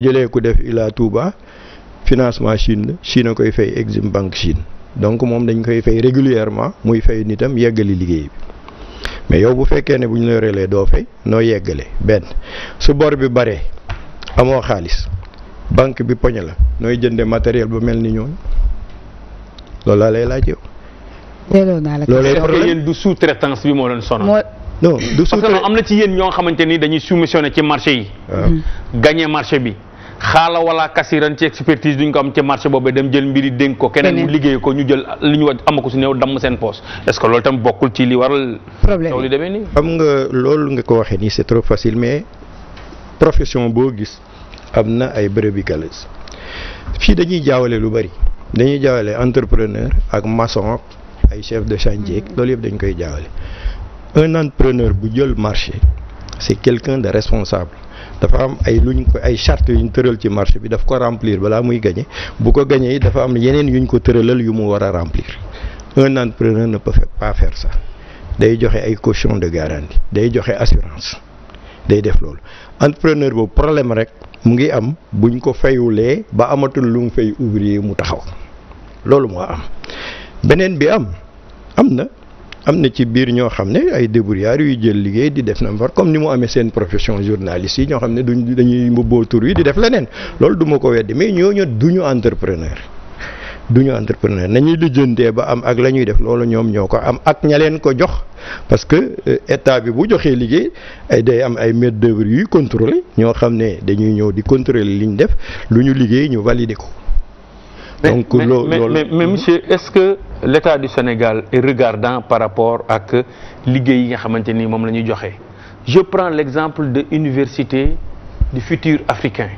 jëlee ku def Ila Touba financement Chine la Chine a koy fay Exim Banque Chine donc moom dañ koy fay régulièrement muy fay nitam yeggali liggéey bi mais yow bu fekkee ne bu ñu la yorelee doo fay noo yeggale benn su bor bi baree amoo xaalis banque bi poñe la nooy jënde matériel ba mel ni ñoon loolu laa lay laaj yow. delloo naa la loolu du sous-traitance bi moo leen sonal. non du sous am na ci yéen ñoo xamante ni dañuy soumissionné ci marché yi. Mm-hmm. gagné marché bi. xaala wala kasiran ci expertise duñ ko am ci marché boobu dem jël mbiri dénk ko keneen mu liggéey ko ñu jël li ñu wax amako si néew damm seen poos est-ce que loolu tam bokkul ci li waral problème li demee nii xam nga loolu nga ko waxee nii c'est trop facile mais profession boo gis am na ay brebis galeuses fii dañuy jaawale lu bari dañuy jaawale entrepreneur ak maçon ay chef de chantier hmm. loolu yëpp dañ koy jaawale un entrepreneur bu jël marché c'est quelqu'un de responsable dafa am ay luñ ko ay charte yuñ tëral ci marché bi daf ko remplir balaa muy gagné bu ko gañee yi dafa am yeneen yu ñu ko tëralal yu mu war a remplir un entrepreneur na peut pas faire sax day joxe ay caution de garantie day joxe assurance day def loolu entrepreneur boobu problème rek mu ngi am bu ñu ko fayulee ba amatul lu mu fay ouvrier mu taxaw loolu moo am beneen bi am am na am na ci biir ñoo xam ne ay débrouillard yuy jël liggéey di def na mu war comme ni mu amee seen profession journaliste yi ñoo xam ne duñ dañuy mbubboo tur di def leneen loolu du ma ko weddi mais ñooñu duñu entrepreneur duñu entrepreneur nañuy lijjantee ba am ak la ñuy def loolu ñoom ñoo ko am ak ña leen ko jox parce que euh, état bi bu joxee liggéey day am ay main d'œuvre yuy contrôler ñoo xam ne dañuy ñëw di contrôler li ñu def lu ñu liggéey ñu valider ko. donc loolu mais, mais mais monsieur est-ce que l'État du Sénégal est regardant par rapport ak liggéey yi nga xamante ni moom la ñuy joxe je prends l'exemple de l'université du futur africain.